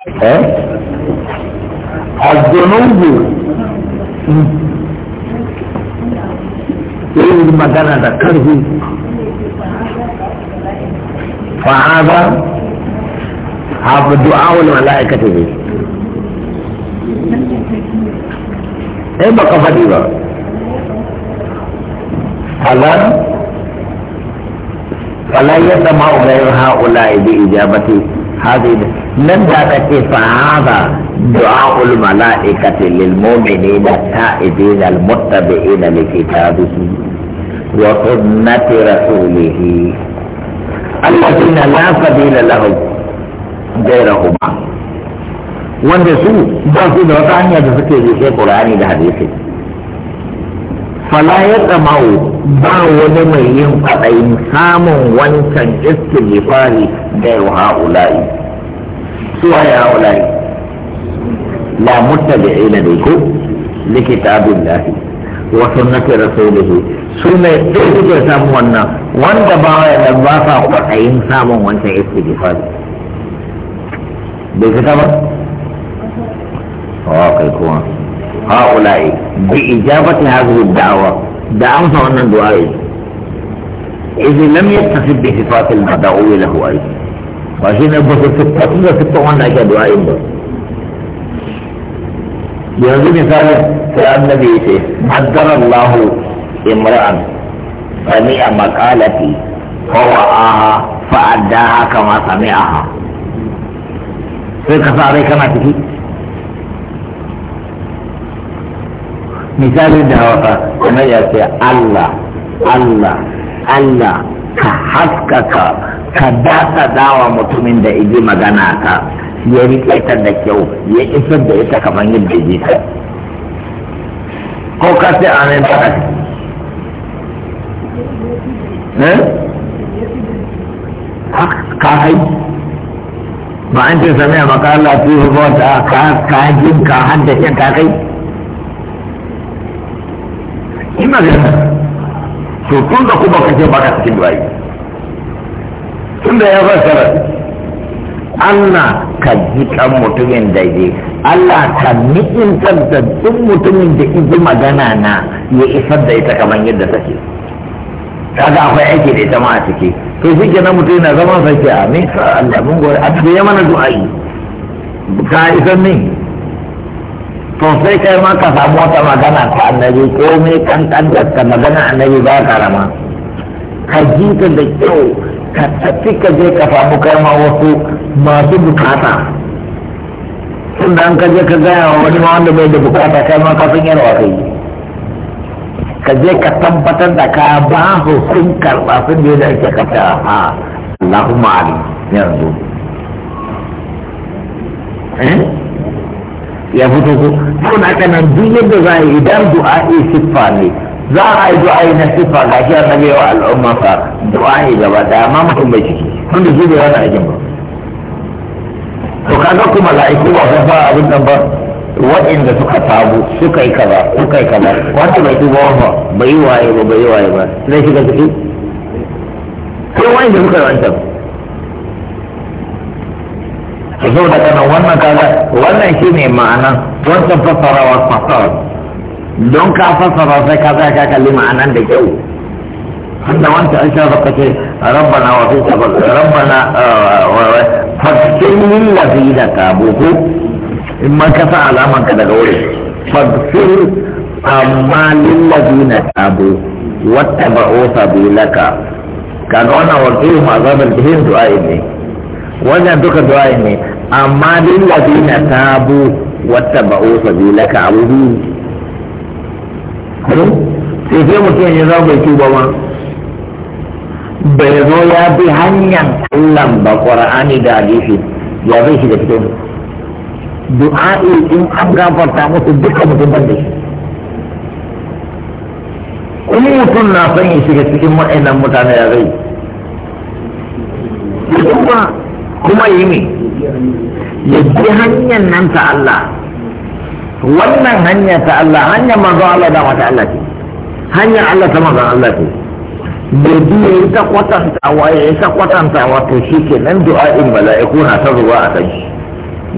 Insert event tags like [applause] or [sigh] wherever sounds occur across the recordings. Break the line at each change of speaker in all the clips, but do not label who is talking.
الذنوب eh?
yin magana da karfi fa'ada abu du'a wani mala'ikata ne ai eh, baka faɗi ba halar فلا يسمع غير هؤلاء بإجابة هذه nan da ta ce fa'ada du'a'ul mala'ikati lil mu'minina ta'idina al muttabi'ina li kitabihi wa sunnati rasulih alladhina la sabila lahum ghayrahuma wanda su ba su da wata hanya da suke rushe qur'ani da hadisi fala ya tsamau ba wani mai yin kwaɗayin samun wancan iskin da ya ha'ula'i سواء هؤلاء لا متبعين لكم لكتاب الله وسنة رسوله سنة تجد سمونا وانت باوي لباسا قطعين سامو وانت استجفاد بكتابة واقعكم هؤلاء بإجابة هذه الدعوة دعوة أن دعائي إذ لم يتصف بصفات المدعو له أيضا ba shi ne ba su siffatu da siffan wanda ake du'a'in ba yanzu misali sai annabi ya ce qaddarallahu imra'an sami'a maqalati fa wa'aha fa addaha kama sami'aha sai ka sa rai kana ciki misali da hausa annabi ya ce Allah Allah Allah ka haskaka ka dasa dawa mutumin da iji magana ka ya riƙe ta da kyau ya isar da ita kamar yadda ya ta ko ka sai amin ta eh? ka hai ba an ce sami a makala fi rubuta ka kajin ka haddace ka kai ina ganin to tun da kuma kace baka cikin duwayi tunda ya fassara Allah ka ji kan mutumin da je Allah ka ni'intar da duk mutumin da ji magana na ya isar da ita kamar yadda take kaga akwai aiki da ita ma a ciki to shi kenan mutum yana zama sai a mai ka Allah mun gore a ya mana du'a'i ka isar ne to sai kai ma ka samu wata magana ta annabi ko mai kankan da ka magana annabi ba ka rama ka ji ta da kyau ka tafi ka je ka samu karma wasu masu bukata tun da an ka je ka gaya wa wani ma wanda bai da bukata kai ma ka san yarwa kai ka je ka tabbatar da ka ba su sun karɓa sun je da ake kafta ha Allahumma ali yanzu eh? ya fito ko tun haka nan duk yadda za a yi idan du'a siffa ne za a yi du'a'i na sifa ga shi annabi wa al'umma fa du'a'i gaba da amma mutum bai ciki tun da zube wani ajin ba to ga kuma la'iku ba ko ba abin nan ba waɗanda suka tabu suka yi kaza suka yi kaza wanda bai tuba ba bai waye ba bai waye ba shi shiga ciki ko da suka yi wancan zo da kana wannan kaza wannan shine ma'ana wancan fassarawa fassara don ka fassara sai ka zai ka kalli ma'anan da kyau wanda wanta an sha baka ce rabbana wa fita rabbana uh, fakkin lillafi da ka boko in ma ka sa alaman ka daga wurin fakkin amma lillafi na tabo wata ba'o sabilaka kaga wannan wakil ma'azabar bihin du'a'i ne wannan duka du'a'i ne amma lillafi na tabo wata ba'o sabilaka abu biyu sai sai mutum ya zama bai tuba ma bai zo ya bi hanyar Allah ba Qur'ani da hadisi ya zai shiga cikin du'a'i in an gafarta musu duka mutum ban da shi in mutum na son ya shiga cikin wa'annan mutane ya zai kuma kuma yi ne ya bi hanyar nan ta Allah wannan hanya ta Allah hanya manzo Allah da mata Allah ce hanya Allah ta manzo Allah ce da biye ta kwatanta wa ya ta kwatanta wato shike nan du'a'in mala'iku na ta zuwa a kan shi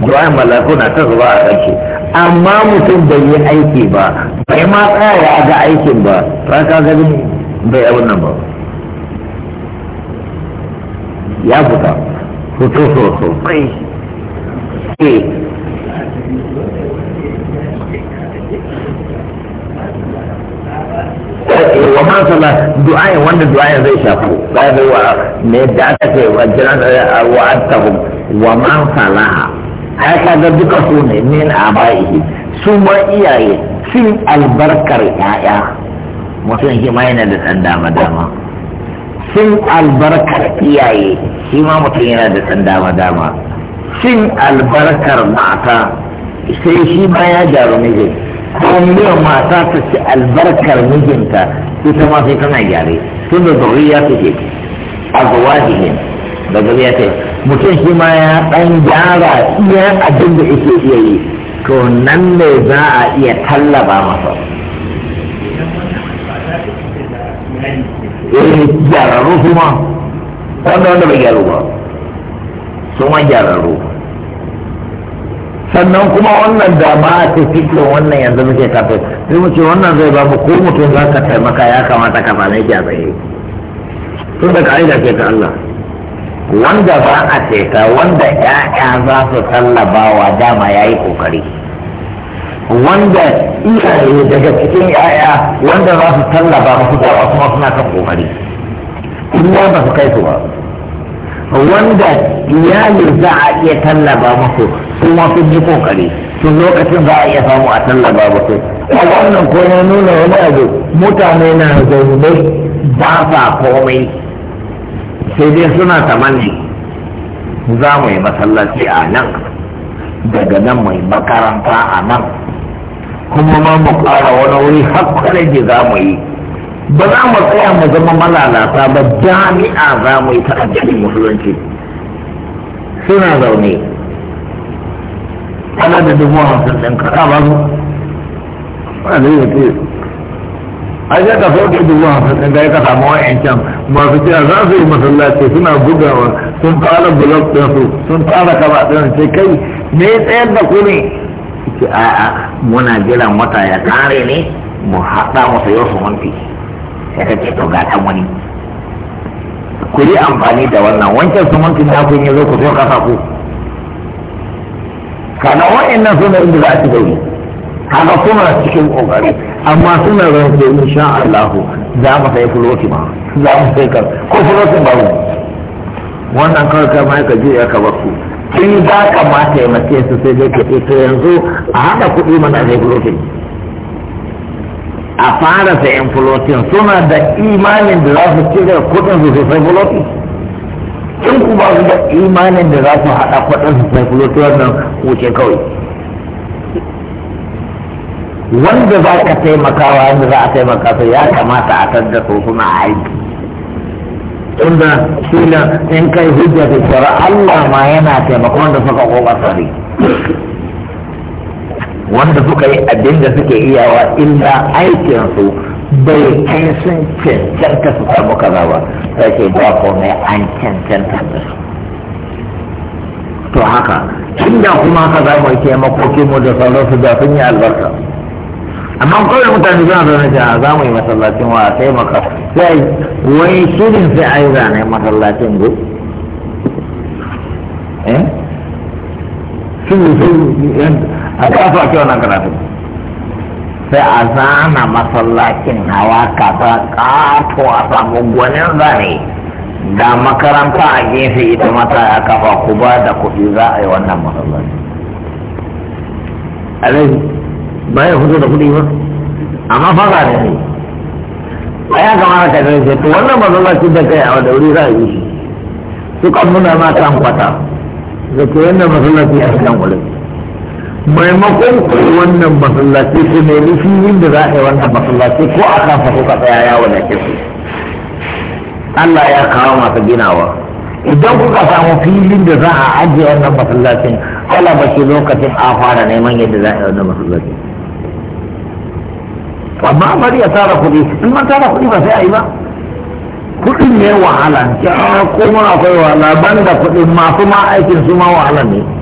du'a'in mala'iku na ta zuwa a kan amma mutum bai yi aiki ba bai ma tsaya ya ga aikin ba ta ka gani bai abin nan ba ya fita fito sosai Eh, wa man sala du'a wanda du'a zai shafu ba da wa me da aka ce wa jiran eh, wa attahum wa man salaha ai ga duka su ne min abaihi su ma iyaye sun albarkar yaya mutum shi ma yana da ɗan dama dama cin albarkar iyaye shi ma mutum yana da ɗan dama dama cin albarkar mata sai shi ma ya jaru mijin kuma mata ta ci albarkar mijinta ita ma sai tana gyare tun da zuriya take a zawajihim da zuriya ta mutum shi ma ya dan gyara iya abin da yake iya yi to nan ne za a iya tallaba masa
eh gyararru kuma
wanda wanda bai gyaru ba su ma gyararru sannan kuma wannan da ma ce fito wannan yanzu muke kafe sai mu ce wannan zai ba mu ko mutum za ka taimaka ya kamata ka same shi a tsaye tun da ka'ida ce ta Allah wanda ba a ceta wanda ya'ya za su tallabawa dama ya yi kokari wanda iyaye daga cikin ya'ya wanda za su tallaba musu da kuma suna kan kokari kuma ba su kai su ba wanda iyali za a iya tallaba musu kuma sun yi kokari Tun lokacin za a iya samu a tallaba ba sai a wannan ko ya nuna wani abu mutane na zaune ba sa komai sai dai suna tamanni za mu yi masallaci a nan daga nan mai makaranta a nan kuma ma mu ƙara wani wuri hakkanin da za mu yi ba za mu tsaya mu zama malalata ba jami'a za mu yi ta addinin musulunci suna zaune ana da dubu hamsin ɗin ka ka ba su ba zai yi ke a ce ka sauke dubu hamsin ɗin da ya ka samu wa'yancan masu cewa za su yi masallaci suna bugawa sun fara bulog ɗinsu sun fara kaba ɗin sai kai me tsayar da ku ne ce a'a muna jiran wata ya kare ne mu haɗa masa yau su wanti sai kake to ga ta wani ku yi amfani da wannan wancan su wanti na kun yi zo ku zo kasa ku kana nan suna inda za a ci gari kaga kuma cikin kokari amma suna in sha Allah za mu sai fuloti ma za mu sai kar ko fuloti ba mu wannan kawai kai mai ka je ya ka baku in za ka ma taimake su sai dai ka to yanzu a haɗa kuɗi mana sai fuloti a fara sayan fulotin suna da imanin da za su cire kuɗin su sai fuloti in ku ba su da imanin da za su haɗa kwaɗin su sai kulo wannan wuce kawai wanda za ka taimakawa wanda za a taimaka su ya kamata a tadda su suna aiki inda kila in kai hujja ta shara Allah ma yana taimakon da suka koma ne wanda suka yi abin da suke iyawa illa aikinsu bai kai sun cancanta su samu kaza ba sai ce ba komai an cancanta da su to haka tunda kuma ka za mu ke makoki mu da sauran su da sun yi albarka amma kawai mutane suna zaune da za mu yi masallacin wa sai maka sai wai shirin sai a yi zane masallacin go eh shirin sai a kafa kyau na karatu sai a zana masallacin hawa kaza kato a samu gwanin zane da makaranta a gefe ita mata ya kafa ku ba da kuɗi za a yi wannan masallaci alai bayan hudu da kuɗi ba amma fara ne ne a ya kamata ka kai to wannan masallaci da kai a wadauri za a yi shi suka nuna ma kan kwata da ke wannan masallaci a cikin kwalai maimakon wannan masallaci su ne filin da za a yi wannan masallaci ko a kan fasu ka tsaya ya wadace su
Allah ya kawo
masu ginawa idan kuka samu filin da za a ajiye wannan masallacin Allah ba shi lokacin a fara neman yadda za a yi wannan masallacin amma amari ya tara kuɗi in man tara kuɗi ba sai a yi ba kuɗin ne wahala kuma akwai wahala ban da kuɗin masu ma aikin su ma wahala ne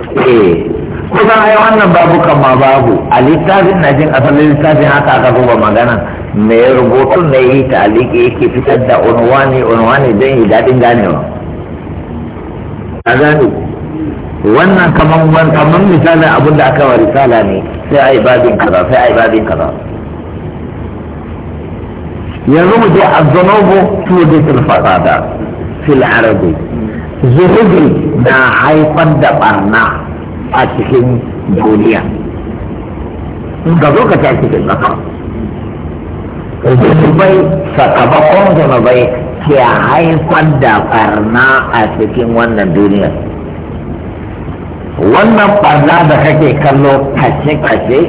eh kusan ai wannan babu ma babu a littafin na jin asalin littafin haka aka zuba magana mai rubutun na yi taliki yake fitar da unwani unwani don yi daɗin ganewa a gani wannan kaman kaman misalin abin da aka wa risala ne sai a yi babin kaza sai ai babin kaza yanzu mu je azzanobo tuwo da sulfasada fil arabi zuhudu na haifar da barna a cikin duniya ga zo ka tashi da zaka zunubai sakamakon bai ke haifar da barna a cikin wannan duniya wannan barna da kake kallo kashe-kashe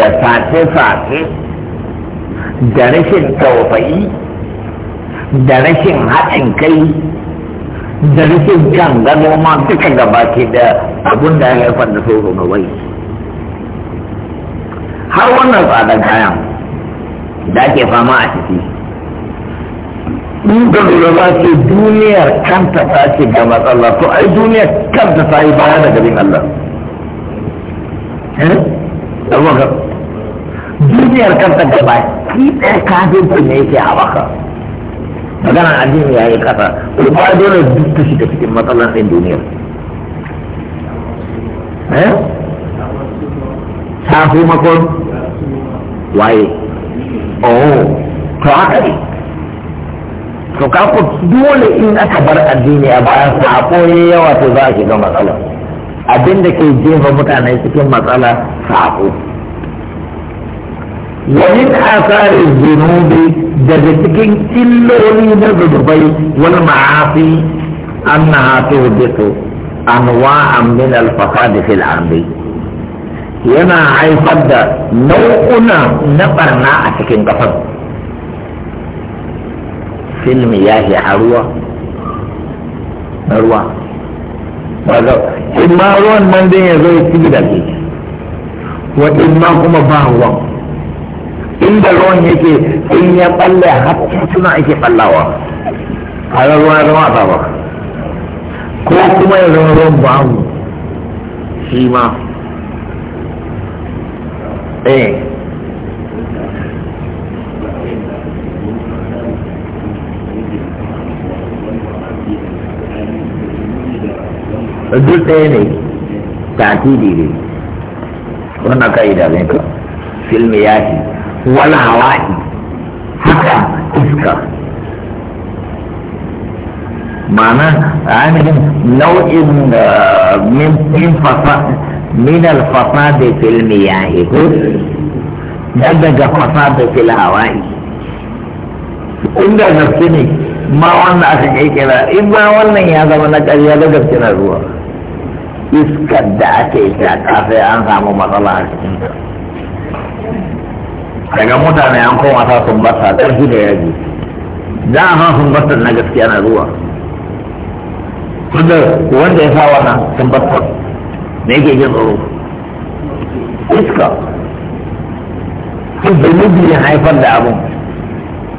da sace-sace da rashin tausayi da rashin haɗin kai da rikin ah, kan gano noma duka gabaki da abun da ya haifar da tsoro ga wai har wannan tsadar kayan da ake fama a ciki in da ba ce duniyar kanta ta ce ga matsala to ai duniyar kanta ta yi baya da garin Allah duniyar kanta gaba ki ɗaya kafin ne yake haɓaka magana addini ya yi kasa ba dole duk ta shiga cikin matsalar ɗin duniya eh? ta fi makon waye oh to haka ne to ku dole in aka bar addini a bayan sako ya yawa to za a shiga matsala abin da ke jefa mutane cikin matsala sako ومن آثار الذنوب جزتكين إلولي نذبي والمعاصي أنها تهبط أنواعا من الفساد في الأرض yana haifar da nau'una na barna a cikin kafar Filmi ya yi a ruwa na ruwa in ma ruwan nan zai ya zo ya ci da ke wa kuma ba ruwan inda ruwan yake in ya balle har suna ake ballawa a ran ruwa zama a ba ko kuma ya zama ruwan ba mu shi ma eh. duk ɗaya ne tatidi ne wannan ka'ida ne ka filmi ya yaki ولا رأي حتى إذكر معنى عنهم نوع من من فساد من الفساد في المياه نبدا فساد في الهواء عند نفسني ما وانا اخي كذا اما وانا يا زلمه نكاد يا لقب كذا هو اسكت دعك اسكت عافيه انا ما طلعت daga mutane an koma ta sun bata ƙarfi da yaji da a sun bata na gaskiya na zuwa tunda wanda ya sa wannan sun bata me yake jin tsoro iska sun zunubi ya haifar da abun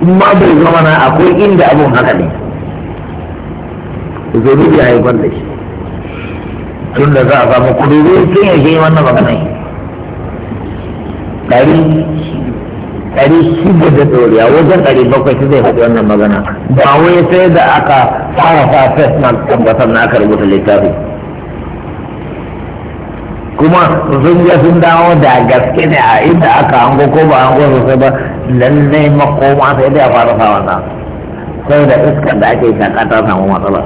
in ma bai zama na akwai inda abun haka ne zunubi ya haifar da shi tun da za a samu kudu zai tun yake wannan magana ɗari ɗari shida da ɗoriya wajen ɗari bakwai su zai faɗi wannan magana ba wai sai da aka fara sa fes na tabbatar na aka rubuta littafi kuma sun je sun dawo da gaske ne a inda aka hango ko ba hango sosai ba lallai makoma sai dai a fara sa wannan sai da iskar da ake shaƙa ta samu matsala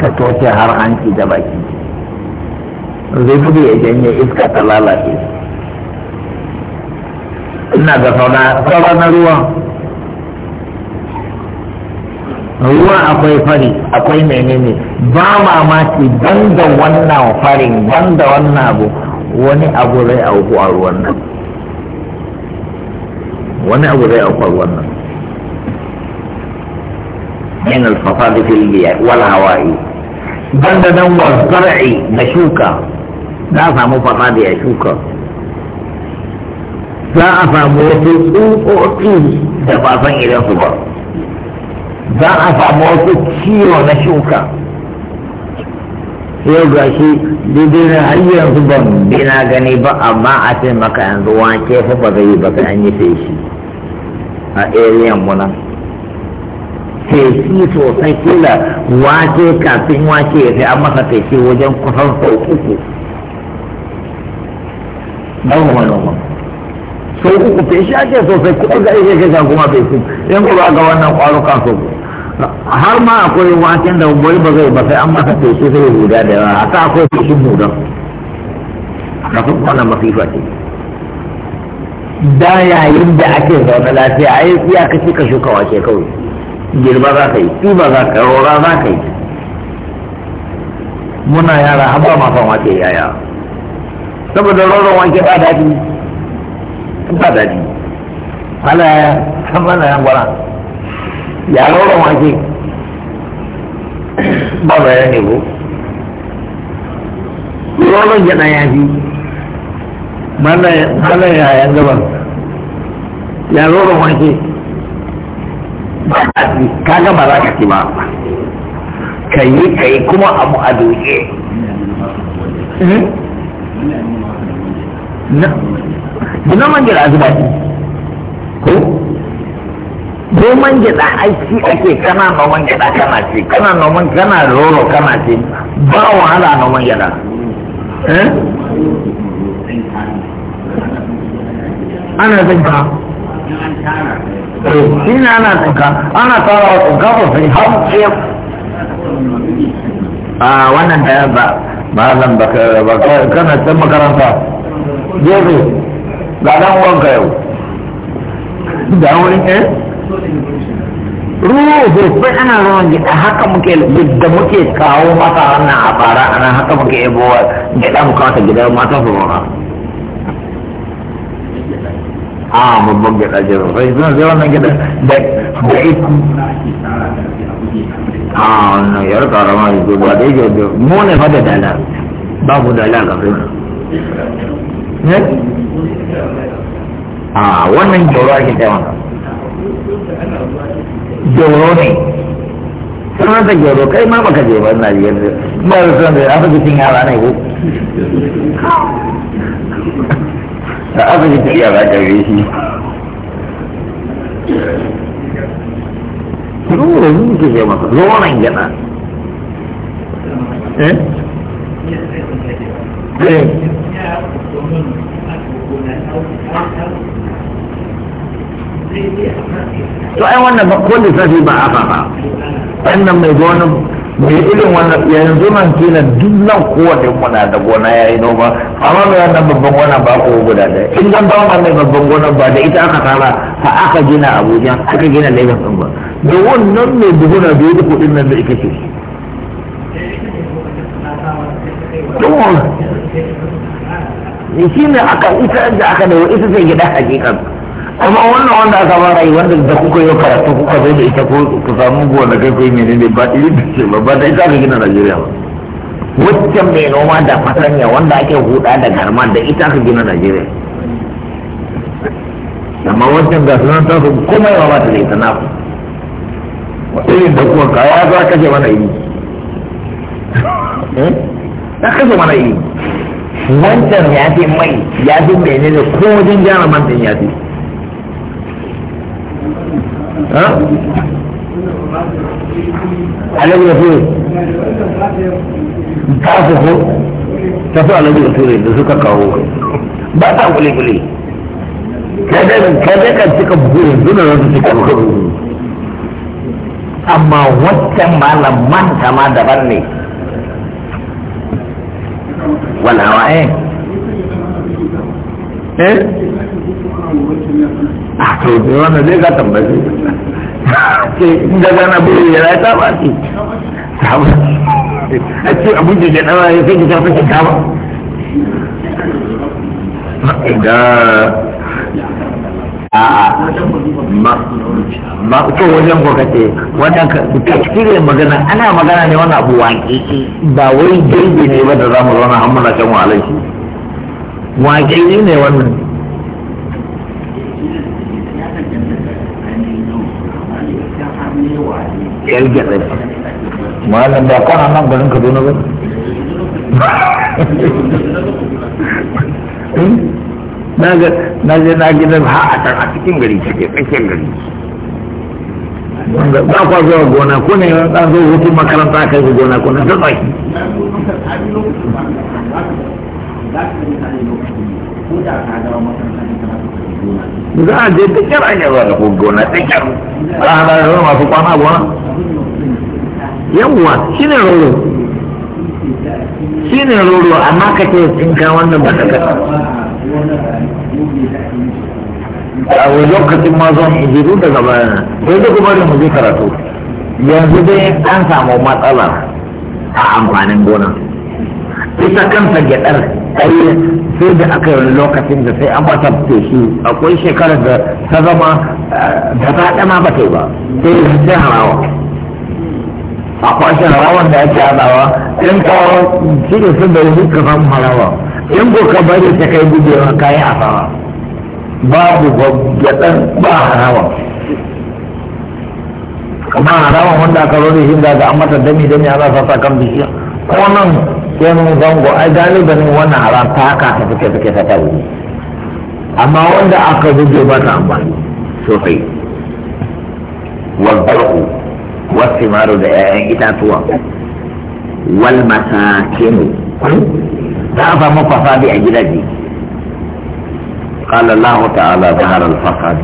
ka toce har hanci da baki zai fi ya janye iska ta lalace ina ga saura saura na ruwa ruwa akwai fari akwai menene ba mamaki ban da wannan farin ban da wannan abu wani abu zai auku a ruwan nan wani abu zai auku a ruwan nan min al-fasad fil biya wal hawa'i banda nan wa zar'i da shuka da samu fasadi a shuka za a samu wasu tsutsotsi da ba san idan su ba za a samu wasu ciwo na shuka yau ga shi daidai na har yanzu ban bina gani ba amma a ce maka yanzu wake fa ba zai yi ba an yi feshi a area muna feshi sosai kila wake kafin wake ya sai an masa feshi wajen kusan sau uku don wani sau uku fe shi ake so sai kuɗi ga iya gaja kuma fe su in ku ga wannan kwaruka so har ma akwai waken da wani ba zai ba sai an masa feshi shi sai huda da yawa haka akwai feshin hudan da kuma wannan masifa ce da yayin da ake zaune lafiya a yi iya kashi ka shuka wake kawai girba za ka yi tsiba za ka yi rora za ka yi muna yara har ba ma son wake yaya saboda roron wake ba daɗi ba daji ana kan mana yan gwara ya rauran wake ba ya ne ko rauran gyaɗa ya fi mana yayan gaban ya rauran wake ba daɗi kaga ba za ka ci ba ka yi ka yi kuma abu a doke hmm? na gina man gida zuba ne ko noman gida aiki ake kana noman gida kana ce kana noman kana roro kana ce ba wahala noman gida eh? ana zinka
eh, shi ne ana tsinka
ana tara wa tsinka sai har ke a wannan da ba ba zan ba kana can makaranta gefe Tak ada orang kaya. Dawai ke? Eh? Ruh, bukan orang kita hakam mungkin kita mungkin kau mata anak apa ada anak hakam mungkin buat ah, kita muka segala mata semua. Ah, membungkit aja. Saya pun jalan lagi dah. Dek, dek.
Ah, no, ya, kalau mah itu buat
aja tu. Mana pada dalam? Bapa dalam kan? Nee? Ya?
a wannan joro ake tsaye wanda joro ne
sanar da joro kai ma baka je ba na biyar da ba da sanar da asibitin yara ne ko da asibitin yara gare shi Ruwa ne ke ce masa, ruwa nan gyaɗa. Eh. là
của to ai wannan ba ko lissafi ba a ba wannan mai gonan mai irin wannan
yanzu nan kila duk nan kowane muna da gona ya yi noma amma mai wannan babban gona ba ko guda ɗaya in dan ba wannan babban gona ba da ita aka tsara fa aka gina abuja aka gina lagos ɗin ba da wannan mai buguna biyu da kuɗin nan da ita ce Eh, shi ne aka ita da aka da ita zai gida hakikan amma wannan wanda aka ba yi wanda da kuka yi karatu kuka zo da ita ko ku samu gona kai ko mene ne ba iri da ce ba ba da ita aka gina Najeriya ba waccan mai noma da fatanya wanda ake huda da garma da ita aka gina Najeriya amma waccan ga sunan ta kuma yawa ba ta da ita na ku irin da kuwa kaya za ka ce mana iri [laughs] eh? ka kashe mana yi. wancan ya fi mai ya fi mene ne ko wajen gyara man din ya fi alaƙi da fure ta fi ko ta fi alaƙi da fure da suka kawo ba ta kuli-kuli kada ka cika bukurin duna zan cika bukurin amma wancan malam manta ma daban ne wal hawa'i eh
a to dai
zai ga tambaye ke inda gana buri ya rai ta ba ce eh, a ce abin da ya dawa ya sai ki tafi ki ga a'a ma ko wajen ko kace wannan tafsirin magana ana magana ne wannan abu waƙi ba wai jirgi ne ba da za mu zauna hamuna muna kan wahalar shi waƙi ne wannan
yalgyaɗa malam ba kwana nan
garin kaduna ba [laughs] hmm? na je na gidan ha a can a cikin gari take tsakiyar gari
wanda ba kwa zuwa gona ko ne a zo hutu makaranta kai ku gona ko ne ta tsaki
za a je tsakiyar an yawa da gona tsakiyar
ba a da yawa masu kwana gona yawwa shi ne roro shi ne roro amma ka ce tsinka wannan ba ka kasa a lokacin ma zan
hijiru daga bayan sai da kuma da muje karatu yanzu dai an samu matsala a amfanin gona ita kanta gyaɗar ɗaya sai da aka yi lokacin da sai an bata shi akwai shekarar da ta zama da ta ɗama ba bata yi ba sai sai harawa a kwashe harawan da ake haɗawa ɗan kawo shi da sun da yi suka samu harawa in ko ka bari ta kai gujewa ka yi asara babu gwaggwaɗan ba harawa a harawa wanda aka zo da shi da ga mata dami dami ana sata kan bishiya ko nan sai mun zango ai ne wannan haram ta haka ta fike fike ta tabu amma wanda aka guje ba ta amfani sosai wal wasu maru da 'ya'yan itatuwa wal kenu za a samu fasadi a gidaje قال الله تعالى ظهر الفساد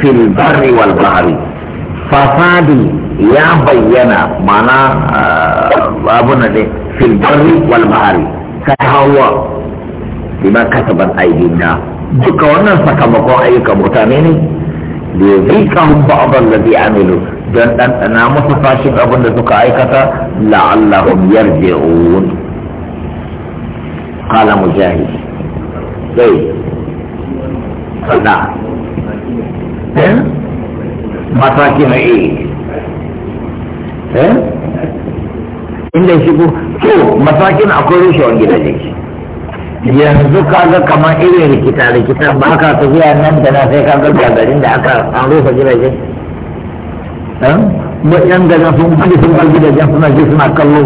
في البر والبحر فساد يا بينا معنى ابونا دي في البر والبحر كهوا بما كسبت ايدينا duka wannan sakamakon ayyukan mutane ne da ya zika hun ba'adar da zai amilu don ɗanɗana musu fashin da suka aikata la'allahum yarji'un قال مجاهد زي لا مساكين ايه inda shi ko اقول masakin akwai rushewar gidaje yanzu kaga kamar irin rikita rikita ba ka tafiya nan da na sai kaga gagarin da aka an rufe gidaje ba yan gaza sun gudu sun bar gidajen suna ji suna kallo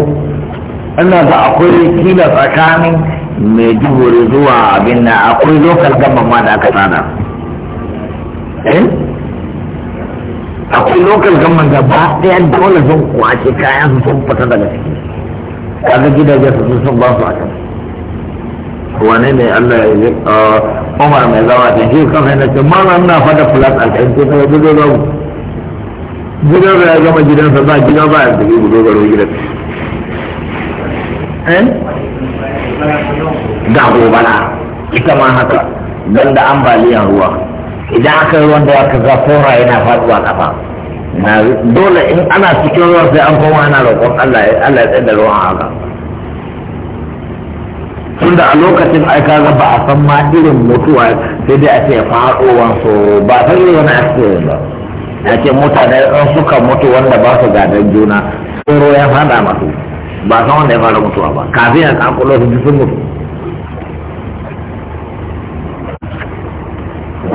ina ba akwai kila tsakanin mai duhuri zuwa abin na akwai lokal gama ma da aka tsada eh? akwai lokal gama da ba ɗaya dole sun kwace kayan su sun fita daga ciki kaga gidaje su sun ba su a wane ne Allah ya yi ah, Umar mai zama ta shi kan hanyar ce mana na fada fulas a kan ce daga gidan rabu gidan ya gama gidansa ba gidan ba ya tafi gudu garo gidan
eh? ga gobara
ita ma haka don da ambaliyan ruwa idan aka yi ruwan da aka ga fora yana faduwa kafa na dole in ana cikin ruwa sai an koma ana roƙon Allah Allah ya tsada da ruwan haka da a lokacin ai ga ba a san ma irin mutuwa sai dai a ce faɗowan so ba san ne wani accident ba a ce mutane in suka mutu wanda ba su gadan juna tsoro ya faɗa masu ba san wanda ya fara mutuwa ba kafin a kula su sun mutu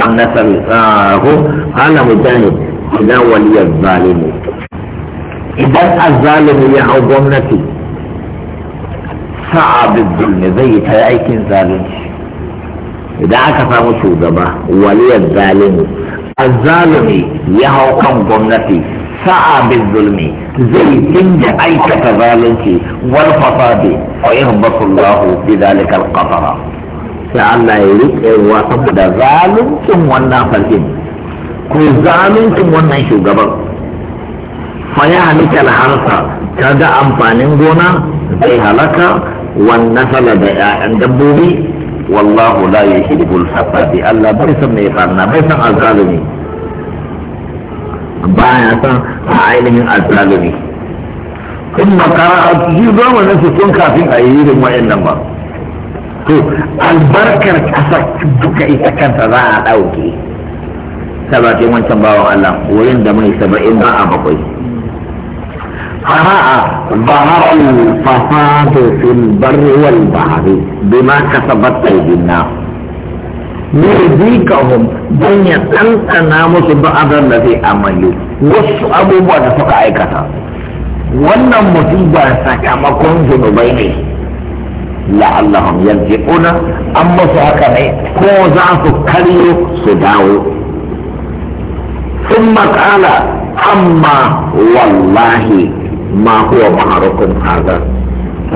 an nasar ah, ko hana mujahid idan waliyar zalimu idan a azzalimi ya hau gwamnati sa'a bizzulmi zai yi ta aikin zalunci idan aka samu shugaba waliyar zalimu azzalimi ya hau kan gwamnati sa'a bin zulmi zai tinda aikata zalunci wal fasadi wa yahbatu Allah bi zalika al qatara sai Allah ya rike wa saboda zaluncin wannan farkin ko zaluncin wannan shugaban fa ya halika al harsa kaga amfanin gona zai halaka wannan sala da 'ya'yan dabbobi wallahu la yuhibbul fasadi Allah bai san mai farna bai san azzalumi baya san a ainihin azzalumi in makara a cikin na su sun kafin a yi irin wa'annan ba to albarkar kasar duka ita kanta za a ɗauke sabatin wancan bawan Allah wurin da mai saba'in ba a bakwai قرأ ظهر الفساد في البر والبحر بما كسبت أيدي الناس yuzikahum don ya ɗanɗana musu ba'adar da zai amalu wasu abubuwa da suka aikata wannan musiba sakamakon zunubai ne la'allahum yarji'una an musu haka ne ko za su karyo su dawo sun قال amma wallahi ما هو معركم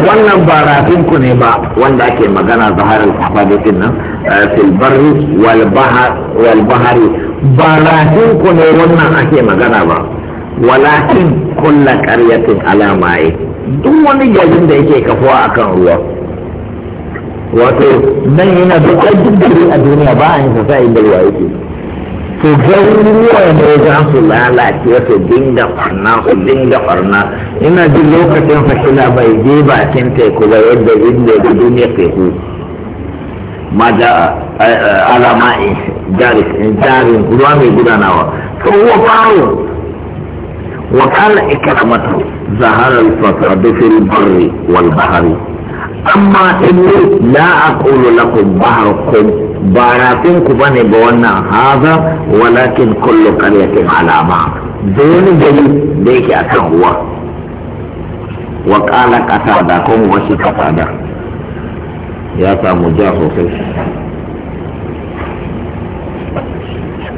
wannan ba rafin ne ba wanda ake magana zaharar safadatin nan eh, filbari walbahari ba rafin ne wannan ake magana ba walakin kulla karyatin alamaye duk wani jajin da yake kafuwa kan ruwa wato nan yana duk a duniya ba a yin sasa inda ruwa yake to garuruwa ne za su lalace su dinga barna su dinga barna ina jin lokacin fashila bai je bakin teku ba yadda inda da duniya teku ma da alama jarin ruwa mai gudanawa to wa faru wa kala ikramatu zaharar fasadu fil barri wal bahari amma inni la aqulu lakum baharkum ba rafin ku bane ba wannan haza walakin kullu qaryatin alama da wani gari da yake akan ruwa wa qala qatada ko mu washi qatada ya samu jaho sosai.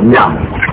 na'am